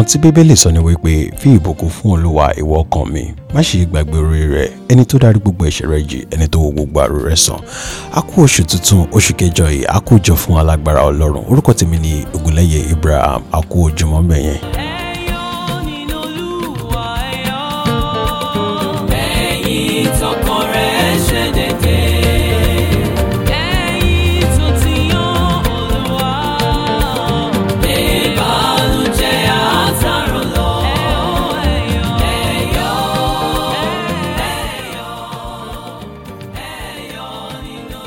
ohun tí bíbélì sọ ni wípé fi ìbùkún fún olúwa ìwọ ọkàn mi má ṣe gbàgbé orí rẹ ẹni tó dárí gbogbo ẹ̀ṣẹ̀ rẹ jì ẹni tó wo gbogbo àrò rẹ sàn a kú oṣù tuntun oṣù kẹjọ yìí a kú jọ fún alágbára ọlọ́run orúkọ tèmi ni ògúnlẹ́yẹ Ibrahim a kú ojúmọ́ bẹ̀yẹn